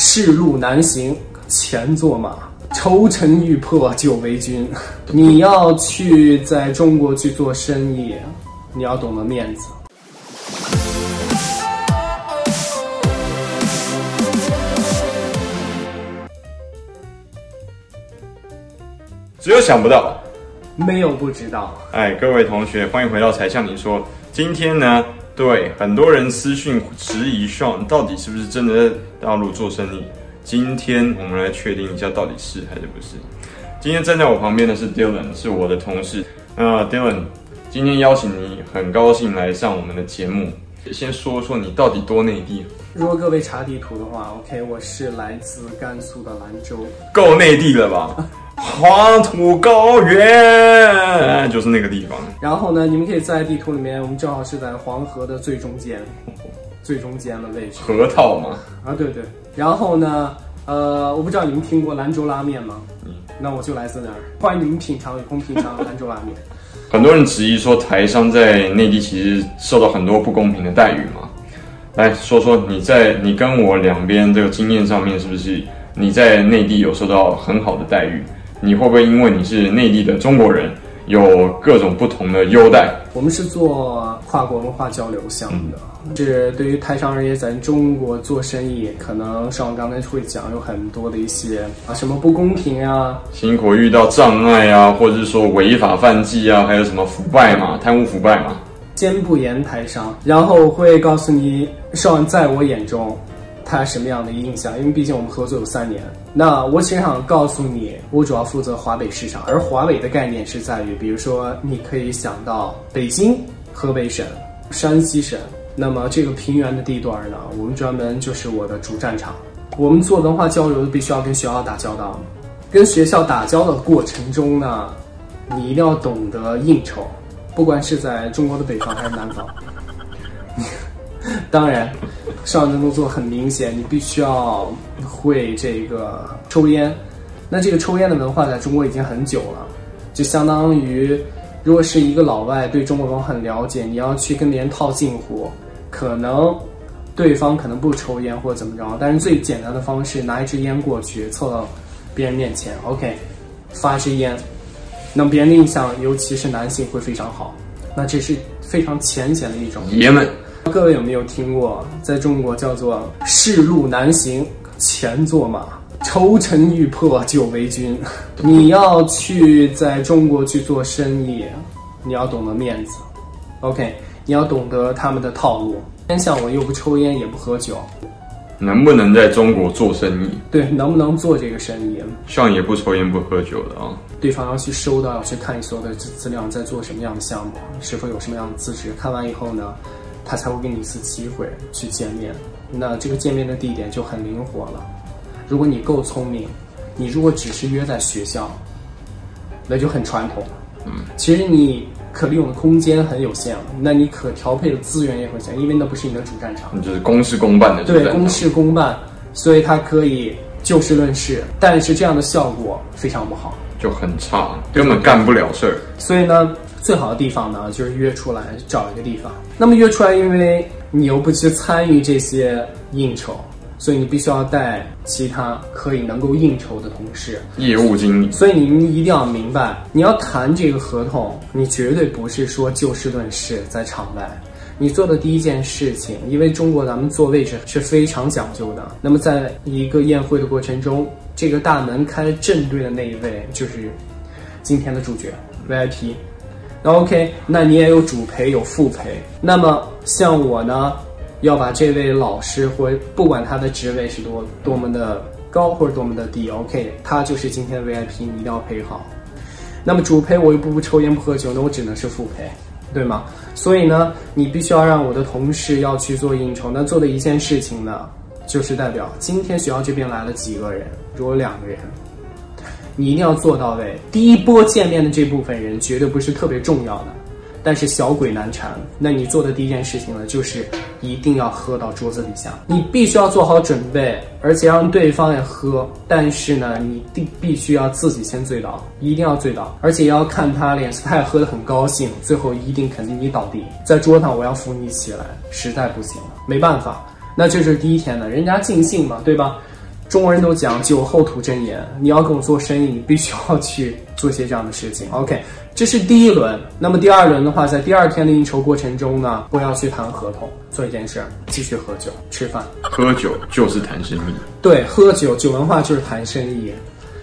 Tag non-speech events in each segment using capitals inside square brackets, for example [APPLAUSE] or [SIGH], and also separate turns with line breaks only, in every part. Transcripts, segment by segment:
世路難行，錢作馬；愁城欲破，酒為君。你要去在中國去做生意，你要懂得面子。
只有想不到，沒有不知道。哎，各位同學，歡迎回到《柴 Sean 你說》，今天呢，對，很多人私信質疑 Sean 到底是不是真的在大陸做生意？今天我們來確定一下到底是還是不是。今天站在我旁邊的是 Dylan，是我的同事。那、呃、Dylan，今天邀請你，很高興來上我們的節目。先說說你到底多內地？
如果各位查地圖的話，OK，我是來自甘肅的蘭州，夠內地
了吧？ [LAUGHS] 黃土
高原、嗯、就是那個地方。然後呢，你們可以在地圖裡面，我們正好是在黃河的最中間，最中間的位置。核桃嘛？啊，對對。然後呢，呃，我不知道你們聽過蘭州拉麵嗎？嗯。那我就來自那兒。歡迎你們品嘗，有空品嘗的蘭州拉麵。
很多人質疑說，台商在內地其實受到很多不公平的待遇嘛？來說說你在你跟我兩邊這個經驗上面，是不是你在內地有受到很好的待遇？你會不會因為你是內地的中國人，有各種不同的優待？
我們是做跨國文化交流項目的、嗯，是對於台商而言，在中國做生意，可能 Sean 剛才會講有很多的一些啊什麼不公平啊，
辛苦遇到障礙啊，或者是說違法犯紀啊，還有什麼腐敗嘛，貪污腐敗嘛，
堅不言台商，然後我會告訴你，Sean 在我眼中。他什麼樣的印象？因為畢竟我們合作有三年。那我實想告訴你，我主要負責華北市場。而華北的概念是在於，比如說你可以想到北京、河北省、山西省，那麼這個平原的地段呢，我們專門就是我的主戰場。我們做文化交流，必須要跟學校打交道。跟學校打交道的過程中呢，你一定要懂得應酬，不管是在中國的北方還是南方。 [LAUGHS] 當然。社交的動作很明顯，你必須要會這個抽菸。那這個抽菸的文化在中國已經很久了，就相當於，如果是一個老外對中國文化很了解，你要去跟別人套近乎，可能對方可能不抽菸或者怎麼着，但是最簡單的方式，拿一支菸過去湊到別人面前，OK，發一支菸，那麼別人的印象，尤其是男性會非常好。那這是非常淺顯的一
種爺們。
各位有沒有聽過，在中國叫做“世路難行，錢作馬，愁城欲破酒為軍”。你要去在中國去做生意，你要懂得面子，OK，你要懂得他們的套路。像我又不抽煙，也不喝酒，
能不能在中國做生意？
對，能不能做這個生意？
像也不抽煙不喝酒的
啊。對方要去收到，要去看你所有的資資料，在做什麼樣的項目，是否有什麼樣的資質？看完以後呢？他才會給你一次機會去見面，那這個見面的地點就很靈活了。如果你夠聰明，你如果只是約在學校，那就很傳統。嗯，其實你可利用的空間很有限了，那你可調配的資源也很有限，因為那不是你的主戰場。
你就是公事公辦的。對，公
事公辦，所以它可以就事論事，但是這樣的效果非常不好，
就很差，根本幹不了事兒、嗯。
所以呢？最好的地方呢，就是約出來找一個地方。那麼約出來，因為你又不去參與這些應酬，所以你必須要帶其他可以能夠應酬的同事、
業務經理。所
以您一定要明白，你要談這個合同，你絕對不是說就事論事在場外。你做的第一件事情，因為中國咱們坐位置是非常講究的。那麼在一個宴會的過程中，這個大門開正對的那一位就是今天的主角 VIP。那 OK，那你也有主陪，有副陪。那麼像我呢，要把這位老師或不管他的職位是多多麼的高，或者多麼的低，OK，他就是今天的 VIP，你一定要陪好。那麼主陪我又不不抽菸不喝酒，那我只能是副陪，對嗎？所以呢，你必須要讓我的同事要去做應酬。那做的一件事情呢，就是代表今天學校這邊來了幾個人，如果兩個人。你一定要做到位。第一波見面的這部分人絕對不是特別重要的，但是小鬼難纏。那你做的第一件事情呢，就是一定要喝到桌子底下。你必須要做好準備，而且讓對方也喝。但是呢，你必必須要自己先醉倒，一定要醉倒，而且要看他臉色，他也喝得很高興。最後一定肯定你倒地在桌上，我要扶你起來。實在不行了，沒辦法。那這是第一天的，人家盡興嘛，對吧？中國人都講酒後吐真言，你要跟我做生意，你必須要去做些這樣的事情。OK，這是第一輪。那麼第二輪的話，在第二天的應酬過程中呢，不要去談合同，做一件事，繼續喝酒吃飯。
喝酒就是談生意。
對，喝酒，酒文化就是談生意。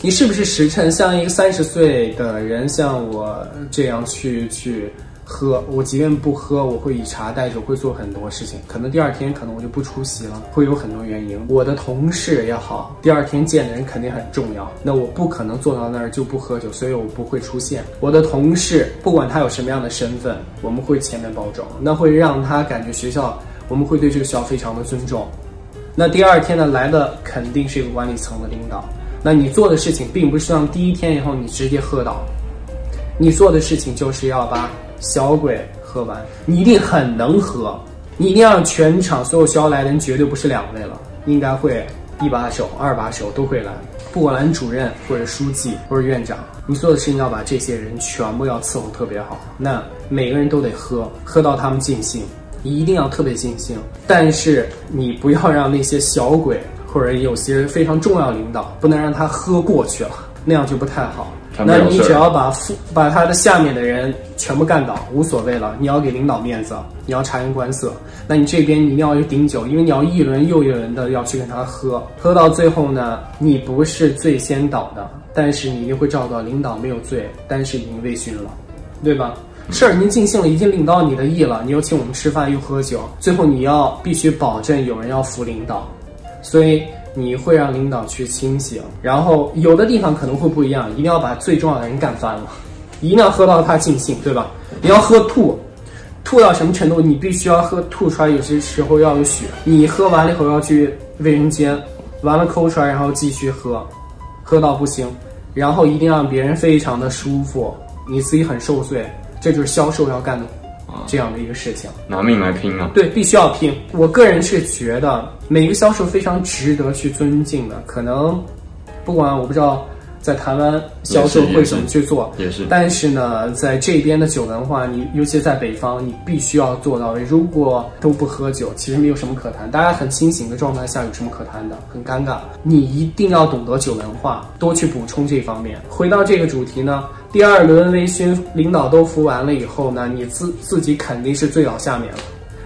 你是不是實誠？像一個三十歲的人，像我這樣去去。喝，我即便不喝，我會以茶代酒，會做很多事情。可能第二天，可能我就不出席了，會有很多原因。我的同事也好，第二天見的人肯定很重要，那我不可能坐到那兒就不喝酒，所以我不會出現。我的同事，不管他有什麼樣的身份，我們會前面包裝，那會讓他感覺學校，我們會對這個學校非常的尊重。那第二天呢，來的肯定是一個管理層的領導。那你做的事情，並不是讓第一天以後你直接喝倒，你做的事情就是要把，小鬼喝完，你一定很能喝，你一定要讓全場所有需要來的人絕對不是兩位了，應該會一把手、二把手都會來，不管來主任或者書記或者院長，你做的事情要把這些人全部要伺候特別好，那每個人都得喝，喝到他們盡興，你一定要特別盡興，但是你不要讓那些小鬼或者有些非常重要領導，不能讓他喝過去了，那樣就不太好。那你只要把副把他的下面的人全部幹倒，無所謂了。你要給領導面子，你要察言觀色。那你這邊你一定要去頂酒，因為你要一輪又一輪的要去跟他喝，喝到最後呢，你不是最先倒的，但是你一定會照顧領導沒有醉，但是已經微醺了，對吧？事兒您盡興了，已經領到你的意了。你又請我們吃飯又喝酒，最後你要必須保證有人要扶領導，所以。你會讓領導去清醒，然後有的地方可能會不一樣，一定要把最重要的人幹翻了，一定要喝到他盡興，對吧？你要喝吐，吐到什麼程度？你必須要喝吐出來，有些時候要有血。你喝完了以後要去衛生間，完了摳出來，然後繼續喝，喝到不行，然後一定讓別人非常的舒服，你自己很受罪，這就是銷售要幹的。這樣的一個事情，拿命來拼啊！對，必須要拼。我個人是覺得，每個銷售非常值得去尊敬的。可能，不管我不知道在台灣銷售會怎麼去做，也是。但是呢，在這邊的酒文化，你尤其在北方，你必須要做到位，如果都不喝酒，其實沒有什麼可談。大家很清醒的狀態下，有什麼可談的？很尷尬。你一定要懂得酒文化，多去補充這方面。回到這個主題呢，第二輪微醺，領導都服完了以後呢，你自自己肯定是醉倒下面了，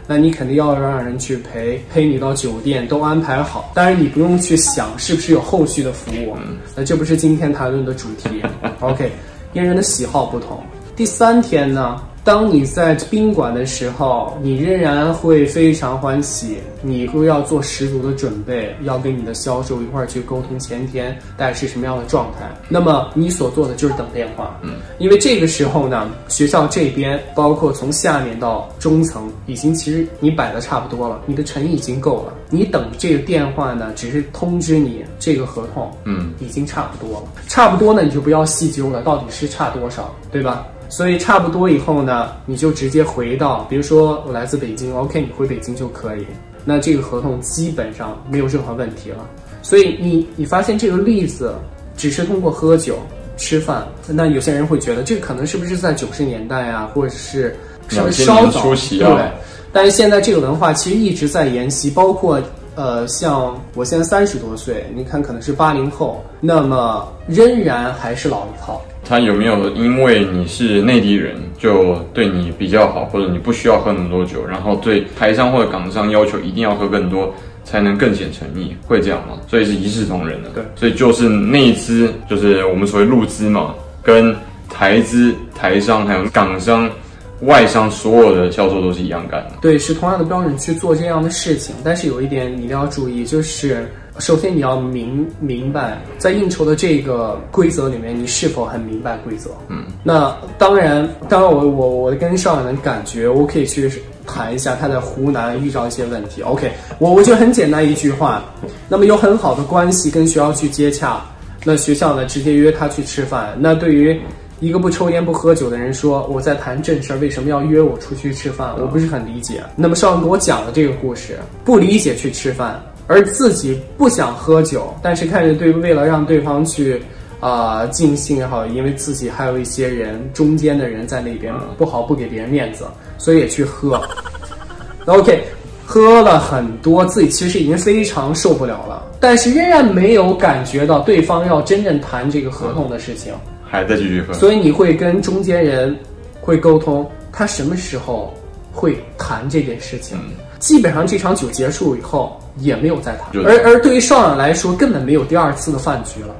那你肯定要讓人去陪陪你到酒店，都安排好，但是你不用去想是不是有後續的服務，啊，那這不是今天談論的主題，啊。OK，因人的喜好不同。第三天呢？當你在賓館的時候，你仍然會非常歡喜。你會要做十足的準備，要跟你的銷售一塊兒去溝通前天大概是什麼樣的狀態。那麼你所做的就是等電話，嗯，因為這個時候呢，學校這邊包括從下面到中層，已經其實你擺的差不多了，你的誠意已經夠了。你等這個電話呢，只是通知你這個合同，嗯，已經差不多了。差不多呢，你就不要細究了，到底是差多少，對吧？所以差不多以後呢，你就直接回到，比如說我來自北京，OK，你回北京就可以。那這個合同基本上沒有任何問題了。所以你你發現這個例子，只是通過喝酒吃飯，那有些人會覺得這個可能是不是在九十年代啊，或者是稍微稍早。對，但是現在這個文化其實一直在沿襲，包括。呃，像我現在三十多歲，你看可能是八零後，那麼仍然還是老一套。
他有沒有因為你是內地人就對你比較好，或者你不需要喝那麼多酒，然後對台商或者港商要求一定要喝更多才能更顯誠意，會這樣嗎？所以是一視同仁的，對，所以就是內資就是我們所謂陸資嘛，跟台資、台商還有港商。外商所有的銷售都是一樣幹的，
對，是同樣的標準去做這樣的事情。但是有一點你一定要注意，就是首先你要明明白，在應酬的這個規則裡面，你是否很明白規則？嗯，那當然，當然我，我我我跟少遠的感覺，我可以去談一下他在湖南遇到一些問題。OK，我我就很簡單一句話，那麼有很好的關係跟學校去接洽，那學校呢直接約他去吃飯，那對於。一個不抽菸不喝酒的人說：“我在談正事兒，為什麼要約我出去吃飯？我不是很理解。”那麼 Sean 給我講了這個故事，不理解去吃飯，而自己不想喝酒，但是看着對，為了讓對方去，啊盡興也好，因為自己還有一些人中間的人在那邊不好不給別人面子，所以也去喝。OK，喝了很多，自己其實已經非常受不了了，但是仍然沒有感覺到對方要真正談這個合同的事情。
還在繼續喝，所以
你會跟中間人會溝通，他什麼時候會談這件事情。嗯。基本上這場酒結束以後，也沒有再談。而而對於邵遠來說，根本沒有第二次的飯局了。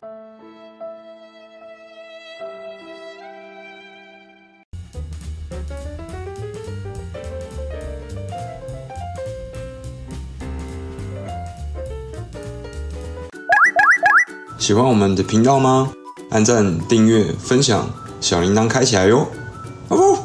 喜歡我們的頻道嗎？按讚、訂閱、分享，小鈴鐺開起來喲！哦哦